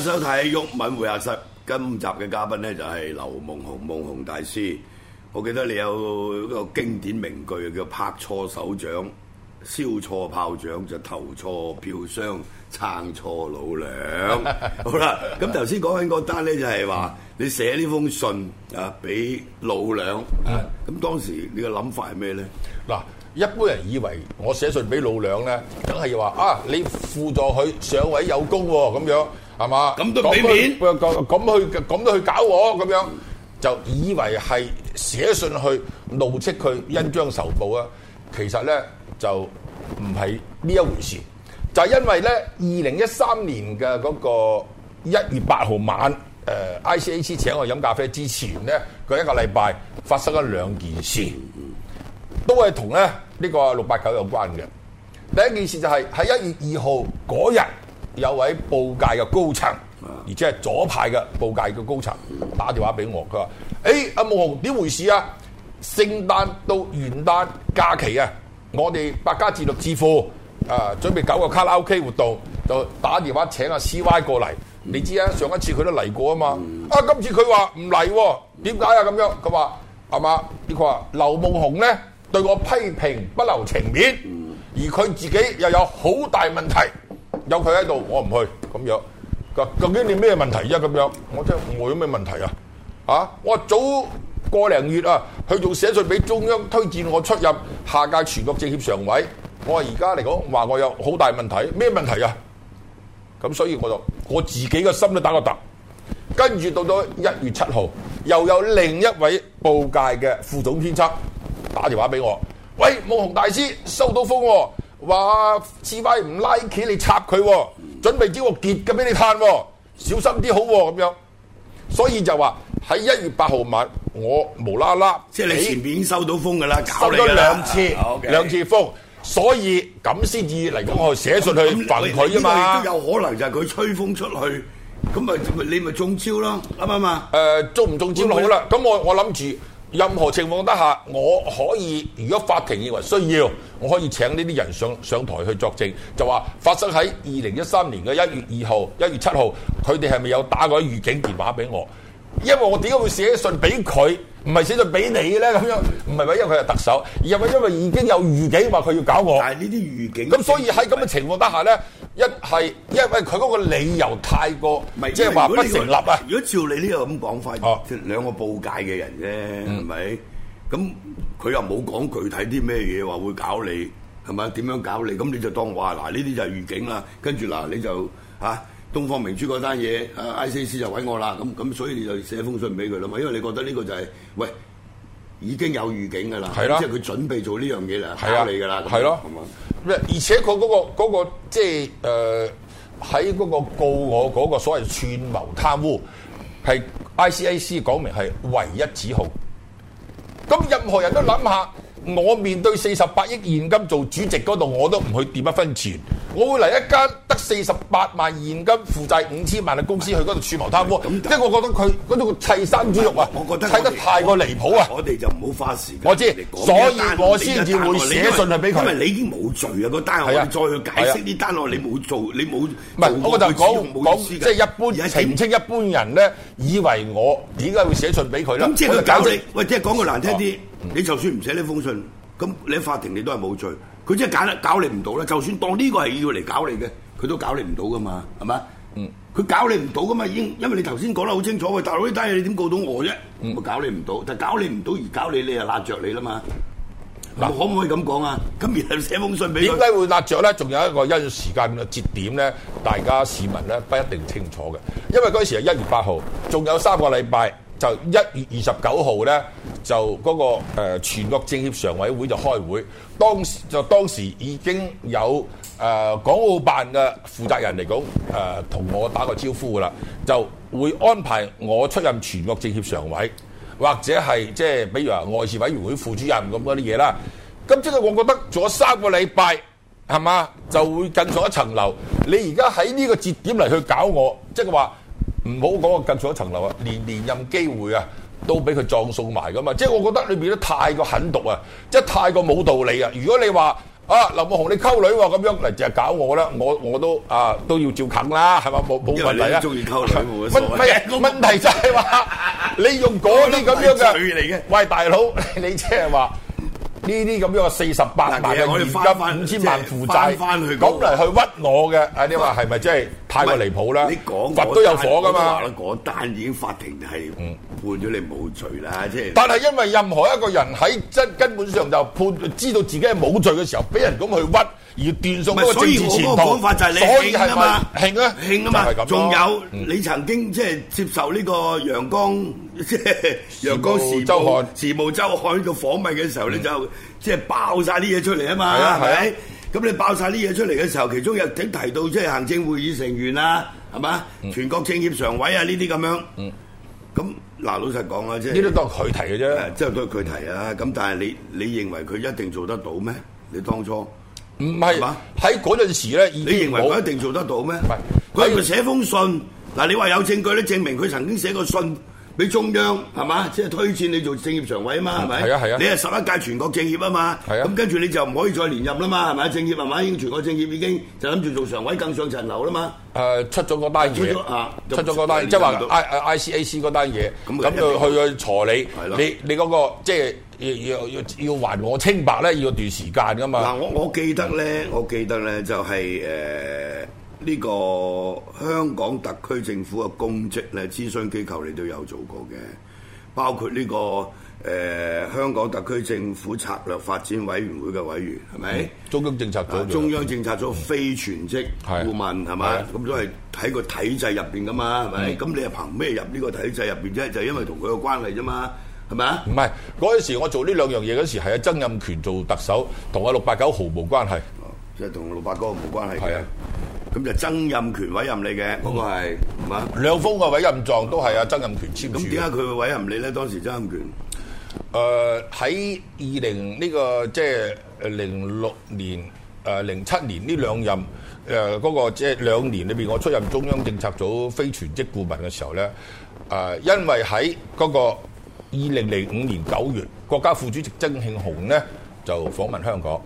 收睇毓民會客室，今集嘅嘉賓咧就係劉夢熊。夢熊大師我記得你有一個經典名句叫拍錯手掌，燒錯炮仗就投錯票箱撐錯老娘。好啦。咁頭先講緊嗰單咧，就係話你寫呢封信啊俾老娘。咁當時你嘅諗法係咩咧？嗱、啊，一般人以為我寫信俾老娘咧，梗係要話啊，你輔助佢上位有功喎、啊，咁樣係嘛？咁都俾面，咁、啊、去咁去搞我，咁樣就以為係寫信去怒斥佢恩將仇報啊，其實咧～就唔係呢一回事，就係、是、因為咧，二零一三年嘅嗰個一月八號晚，ICAC 請我飲咖啡之前咧，佢一個禮拜發生咗兩件事，都係同咧呢、這個六八九有關嘅。第一件事就係喺一月二號嗰日那天，有位報界嘅高層，而且係左派嘅報界嘅高層，打電話俾我，佢話：阿、哎、夢熊點回事啊？聖誕到元旦假期啊！我哋百家戰略智庫，啊，準備搞個卡拉 OK 活動，就打電話請阿、啊、C Y 過嚟。你知啊，上一次佢都嚟過啊嘛。啊，今次佢話唔嚟，點解啊咁樣？佢話阿媽，佢、啊、話劉夢熊咧對我批評不留情面，而佢自己又有好大問題，有佢喺度我唔去咁樣。咁究竟你咩問題啫？咁樣，我真係我有咩問題啊？啊，我早。個零月啊，佢仲寫信俾中央推薦我出任下屆全國政協常委。我話而家嚟講，話我有好大問題，咩問題啊？咁所以我就我自己嘅心都打個突。跟住到咗一月七號，又有另一位報界嘅副總編輯打電話俾我，喂，武雄大師收到風，喎，話志威唔拉佢，like, 你插佢，喎，準備招個劫嘅俾你嘆，喎，小心啲好咁，喎，樣。所以就話喺一月八號晚，我無啦啦，即係你前面已經收到風㗎啦，收咗兩次兩次風，所以咁先至嚟講，我寫信去煩佢啊嘛。都有可能就係佢吹風出去，咁咪你咪中招咯，啱唔啱啊？中唔中招好啦。咁我我諗住任何情況底下，我可以如果法庭認為需要，我可以請呢啲人上上台去作證，就話發生喺二零一三年嘅一月二號、一月七號，佢哋係咪有打過預警電話俾我？因為我點解會寫信俾佢，唔係寫信俾你咧咁樣，唔係話，因為佢係特首，而係咪因為已經有預警話佢要搞我？但係呢啲預警是是，咁、嗯、所以喺咁嘅情況底下咧，一係因為佢嗰個理由太過，即係話不成立啊！如果照你呢個咁講法，即、啊、哦，兩個報界嘅人啫，係、嗯、咪？咁佢又冇講具體啲咩嘢話會搞你，係咪？點樣搞你？咁你就當話嗱，呢啲就係預警啦。跟住嗱，你就嚇。啊東方明珠嗰單嘢，ICAC 就揾我啦，咁咁所以你就寫封信俾佢啦嘛，因為你覺得呢個就係、係、喂已經有預警㗎啦、啊，即係佢準備做呢樣嘢啦，打你㗎啦，係咯，咁啊，啊，而且佢、嗰、嗰個即係誒喺嗰個告我嗰個所謂串謀貪污，係 ICAC 講明係唯一指控，咁任何人都諗下，我面對四十八億現金做主席嗰度，我都唔去掂一分錢。我會嚟一間得四十八萬現金負債五千萬嘅公司去嗰度串謀貪污，即係我覺得佢嗰度砌山豬肉啊，我，我覺得我砌得太過離譜啊！我哋就唔好花時間。我知，所以我先至會寫信係俾佢，因為你已經冇罪了啊！個單我再去解釋呢、啊、單案你冇做，你冇唔係，我就講講即係一般澄清，清一般人咧，以為我點解會寫信俾佢咧？咁即係佢搞你喂，即係講句難聽啲，你就算唔寫呢封信，咁你喺法庭你都係冇罪。佢真係揀得搞你唔到咧，就算當呢個係要嚟搞你嘅，佢都搞你唔到噶嘛，係咪？嗯，佢搞你唔到噶嘛，已經因為你頭先講得好清楚喎，大佬，啲單嘢你點告到我啫？唔、嗯、搞你唔到，但係搞你唔到而搞你，你又揦着你啦嘛。嗱，佢可唔可以咁講啊？咁然後寫封信俾點解會揦着咧？仲有一個因時間嘅節點咧，大家市民咧不一定清楚嘅，因為嗰時係一月八號，仲有三個禮拜。就一月二十九號呢，就嗰、那個、呃、全國政協常委會就開會，當就當時已經有誒、呃、港澳辦嘅負責人嚟講誒同我打個招呼噶啦，就會安排我出任全國政協常委，或者係即係比如話外事委員會副主任咁嗰啲嘢啦。咁即係我覺得做咗三個禮拜係嘛，就會更上一層樓。你而家喺呢個節點嚟去搞我，即係話。唔好講我更上一層樓啊，連連任機會啊，都俾佢葬送埋噶嘛，即係我覺得裏邊都太過狠毒啊，即係太過冇道理啊！如果你話啊，林牧雄你溝女喎咁樣嚟就係搞我啦，我我都啊都要照近啦，係嘛冇冇問題中意溝女個啊？乜乜乜問題就係、是、話你用嗰啲咁樣嘅，喂大佬，你即係話。呢啲咁樣四十八萬嘅現金，五千萬負債，咁嚟去屈我嘅，啊你話係咪真係太過離譜啦？你講佛都有火噶嘛？但已經法庭係判咗你冇罪啦，即係。但係因為任何一個人喺真根本上就判知道自己係冇罪嘅時候，俾人咁去屈而斷送嗰個政治前途，所以我嗰個講法就係你慶啊嘛，慶啊嘛，仲有你曾經即係接受呢個陽光。即係《陽光時務，時務週刊呢做訪問嘅時候咧，嗯、你就即係爆晒啲嘢出嚟啊嘛，係咪、啊？咁、啊啊、你爆晒啲嘢出嚟嘅時候，其中又整提到即係行政會議成員啊，係嘛、嗯？全國政協常委啊呢啲咁樣，咁、嗯、嗱，老實講啊，即係呢都、就是、都當佢提嘅啫，即係都佢提啊。咁但係你你認為佢一定做得到咩？你當初唔係嘛喺嗰陣時咧，你認為佢一定做得到咩？佢佢寫封信嗱，你話有證據咧證明佢曾經寫過信，俾中央係嘛，即係、就是、推薦你做政協常委啊嘛，係、嗯、咪？係啊係啊！你係十一屆全國政協啊嘛，係啊。咁跟住你就唔可以再連任啦嘛，係咪？政協係咪？因為全國政協已經就諗住做常委，更上層樓啦嘛。誒、呃，出咗嗰單，出啊，出咗嗰單，即係話 I I C A C 嗰單嘢，咁、嗯嗯、就去咗裁你。係、啊、咯。你你嗰、那個即係、就是、要要要要，要還我清白咧，要一段時間噶嘛。嗱、呃，我我記得咧，我記得咧就係、是、誒。呃呢、這個香港特區政府嘅公職咧，諮詢機構你都有做過嘅，包括呢、這個誒、呃、香港特區政府策略發展委員會嘅委員，係咪中、啊、中央政策組？中央政策組非全職顧問係咪？咁、啊啊、都係喺、啊、個體制入邊㗎嘛，係咪？咁你係憑咩入呢個體制入邊啫？就是、因為同佢嘅關係啫嘛，係咪啊？唔係嗰時我做呢兩樣嘢嗰時係阿曾蔭權做特首，同阿六八九毫無關係。哦，即係同六八哥毫無關係。係啊。咁就曾蔭權委任你嘅，嗰個係嘛？兩封嘅委任狀都係阿曾蔭權簽署。咁點解佢會委任你咧？當時曾蔭權，誒喺二零呢個即係零六年、誒零七年呢兩任誒嗰、呃那個即係兩年裏邊，我出任中央政策組非全職顧問嘅時候咧，誒、呃、因為喺嗰個二零零五年九月，國家副主席曾慶紅咧就訪問香港。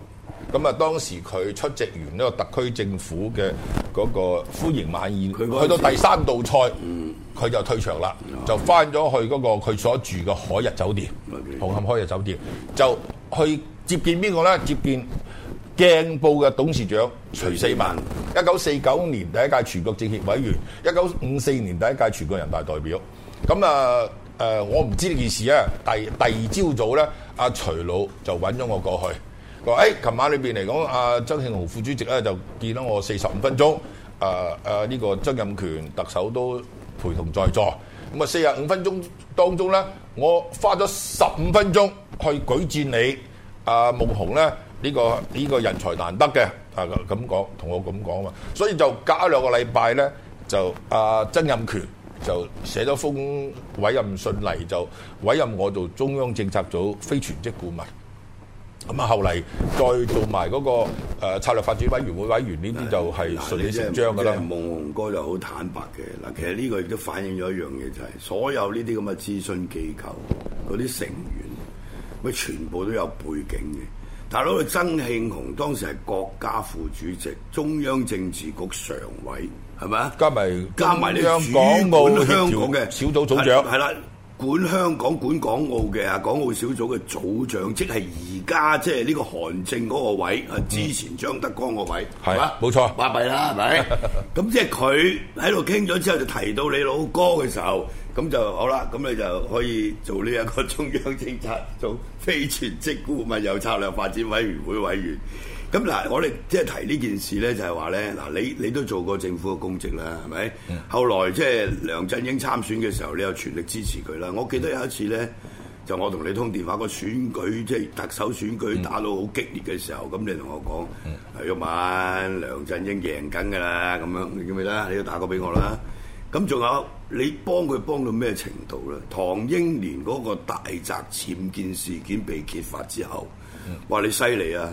咁啊，當時佢出席完呢個特區政府嘅嗰個歡迎晚宴，去到第三道菜，佢就退場啦，就翻咗去嗰個佢所住嘅海逸酒店，紅、okay. 磡海逸酒店，就去接見邊個咧？接見鏡報嘅董事長徐四民，一九四九年第一屆全國政協委員，一九五四年第一屆全國人大代表。咁啊、呃、我唔知呢件事啊。第二第二朝早咧，阿徐老就揾咗我過去。話、哎、琴晚裏面嚟講，阿、啊、曾慶紅副主席咧、啊、就見到我四十五分鐘，誒誒呢個曾蔭權特首都陪同在座。咁啊四十五分鐘當中咧，我花咗十五分鐘去舉薦你，阿夢熊咧呢、這個呢、這個人才難得嘅，啊咁講同我咁講啊，所以就隔兩兩個禮拜咧，就阿、啊、曾蔭權就寫咗封委任信嚟，就委任我做中央政策組非全職顧問。咁啊，後嚟再做埋嗰個誒策略發展委員會委員呢啲就係順理成章㗎啦。夢熊哥就好坦白嘅嗱，其實呢個亦都反映咗一樣嘢，就係，就係所有呢啲咁嘅諮詢機構嗰啲成員咪全部都有背景嘅。大佬曾慶紅當時係國家副主席、中央政治局常委，係咪啊？加埋加埋啲港澳香港嘅小組組組長係啦，管香港管港澳嘅啊，港澳小組嘅組長即係。家即係呢個韓正嗰個位，係之前張德江個位，係、嗯、嘛？冇錯，巴閉啦，係咪？咁 即係佢喺度傾咗之後，就提到你老哥嘅時候，咁就好啦。咁你就可以做呢一個中央政策組非全職顧問，有策略發展委員會委員。咁嗱，我哋即係提呢件事咧，就係話咧嗱，你你都做過政府嘅公職啦，係咪、嗯？後來即係梁振英參選嘅時候，你又全力支持佢啦。我記得有一次咧。嗯就我同你通電話，個選舉即係、就是、特首選舉打到好激烈嘅時候，咁、嗯、你同我講，阿、嗯、晚梁振英贏緊㗎啦，咁樣，你記唔記得？你都打過俾我啦。咁仲有你幫佢幫到咩程度咧？唐英年嗰個大宅僭建事件被揭發之後，話、嗯、你犀利啊！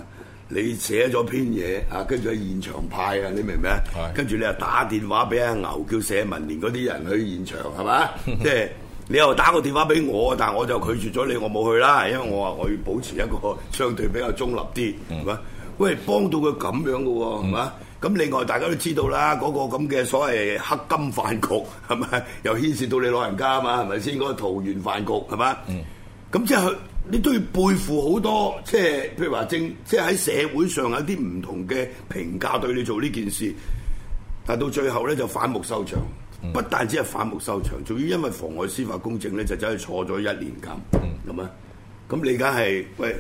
你寫咗篇嘢啊，跟住喺現場派啊，你明唔明啊？跟住你又打電話俾阿牛，叫社民連嗰啲人去現場，係嘛？即 係、就是。你又打個電話俾我，但我就拒絕咗你，我冇去啦，因為我話我要保持一個相對比較中立啲，係咪？嗯，喂，幫到佢咁樣嘅喎，係嘛？嗯？咁另外大家都知道啦，嗰個咁嘅所謂黑金飯局，係咪？又牽涉到你老人家啊嘛，係咪先？嗰個桃園飯局係嘛？咁之後你都要背負好多，即係譬如話政，即係喺社會上有啲唔同嘅評價對你做呢件事，但到最後咧就反目收場。不但只係反目收場，仲要因為妨礙司法公正咧，就走去坐咗一年監，咁、嗯、啊，咁你梗係喂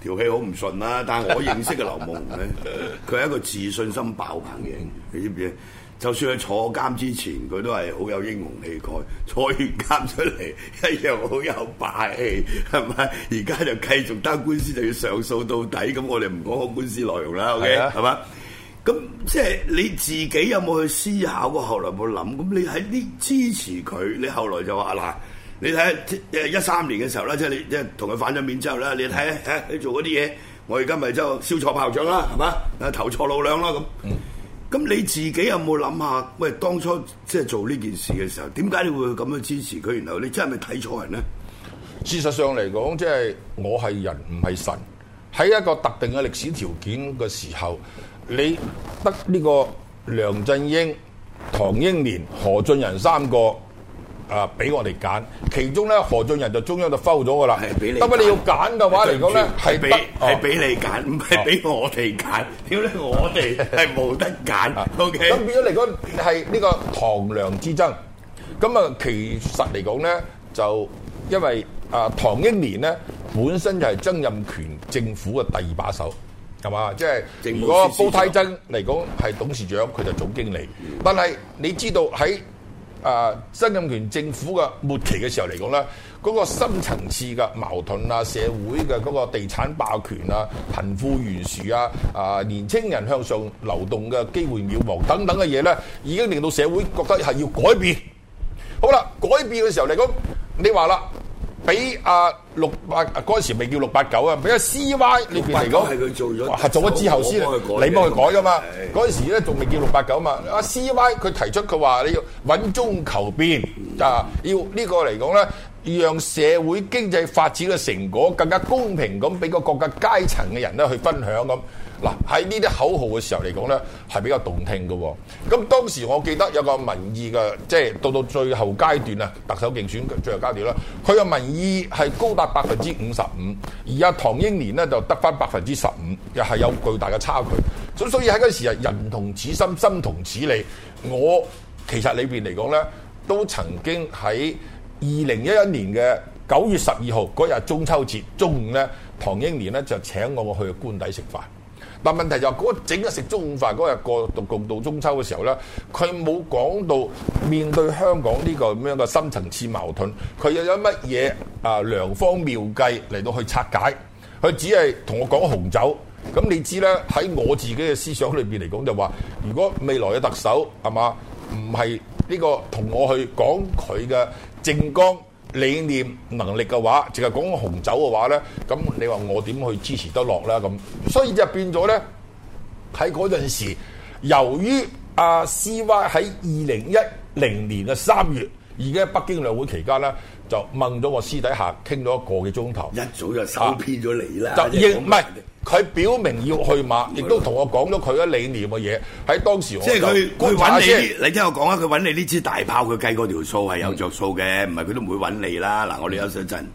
條氣好唔順啦，但係我認識嘅劉夢熊咧，佢 係一個自信心爆棚嘅，你知唔知？就算佢坐監之前，佢都係好有英雄氣概，坐完監出嚟一樣好有霸氣，係咪？而家就繼續擔官司，就要上訴到底，咁我哋唔講個官司內容啦、啊、OK，係嘛？咁即係你自己有冇去思考過？後來冇諗咁，你喺呢支持佢，你後來就話嗱，你睇嚇一三年嘅時候啦，即係你即係同佢反咗面之後啦，你睇嚇、哎、你做嗰啲嘢，我而家咪就燒錯炮仗啦，係嘛？投錯路兩啦咁。咁、嗯、你自己有冇諗下？喂，當初即係做呢件事嘅時候，點解你會咁樣支持佢？然後你真係咪睇錯人咧？事實上嚟講，即、就、係、是、我係人唔係神，喺一個特定嘅歷史條件嘅時候。你得呢個梁振英、唐英年、何俊仁三個啊，俾我哋揀。其中咧，何俊仁就中央就摟咗噶啦。得咩？你要揀嘅話嚟講咧，係俾係俾你揀，唔係俾我哋揀。點解我哋係冇得揀？Okay。咁變咗嚟講係呢個唐梁之爭。咁啊，其實嚟講咧，就因為啊，唐英年咧本身就係曾蔭權政府嘅第二把手。係嘛？即係如果煲呔曾嚟講係董事長，佢就是總經理。但係你知道喺啊、呃、新任權政府嘅末期嘅時候嚟講咧，嗰、嗰個深層次嘅矛盾啊、社會嘅嗰個地產霸權啊、貧富懸殊啊、啊年青人向上流動嘅機會渺茫等等嘅嘢咧，已經令到社會覺得係要改變。好啦，改變嘅時候嚟講，你話啦。俾阿、啊、六八嗰陣時未叫六八九啊，俾阿 CY 呢邊嚟講係佢做咗，係做咗之後先，你幫佢改噶嘛？嗰陣時咧仲未叫六八九嘛？阿 CY 佢提出佢話你要穩中求變啊，要個呢個嚟講咧，讓社會經濟發展嘅成果更加公平咁，俾個各個階層嘅人咧去分享咁。嗱，喺呢啲口號嘅時候嚟講呢，係比較動聽嘅、哦。咁當時我記得有個民意嘅，即係到到最後階段啊，特首競選嘅最後階段啦。佢嘅民意係高達百分之五十五，而阿唐英年呢就得返百分之十五，又係有巨大嘅差距。咁所以喺嗰時人同此心，心同此理。我其實裏面嚟講呢，都曾經喺二零一一年嘅九月十二號嗰日中秋節中午呢，唐英年呢就請我我去官邸食飯。但問題就係、是、嗰、那個、整個食中午飯嗰日過獨共度中秋嘅時候呢，佢冇講到面對香港呢個咁樣嘅深層次矛盾，佢又有乜嘢啊良方妙計嚟到去拆解？佢只係同我講紅酒咁，你知呢？喺我自己嘅思想裏面嚟講、就是，就話如果未來嘅特首係咪唔係呢個同我去講佢嘅政綱。理念能力嘅話，淨係講紅酒嘅話咧，咁你話我點去支持得落咧咁，所以就變咗咧喺嗰陣時，由於阿 CY 喺二零一零年嘅三月，而家北京兩會期間咧。就掹咗我私底下傾咗一個幾鐘頭，一早就收編咗你啦。就應唔係，佢表明要去馬，亦 都同我講咗佢嘅理念嘅嘢。喺當時我即係佢，佢揾你。你聽我講啊，佢揾你呢支大炮，佢計嗰條數係有着數嘅，唔係佢都唔會揾你啦。嗱，我哋休息一陣。嗯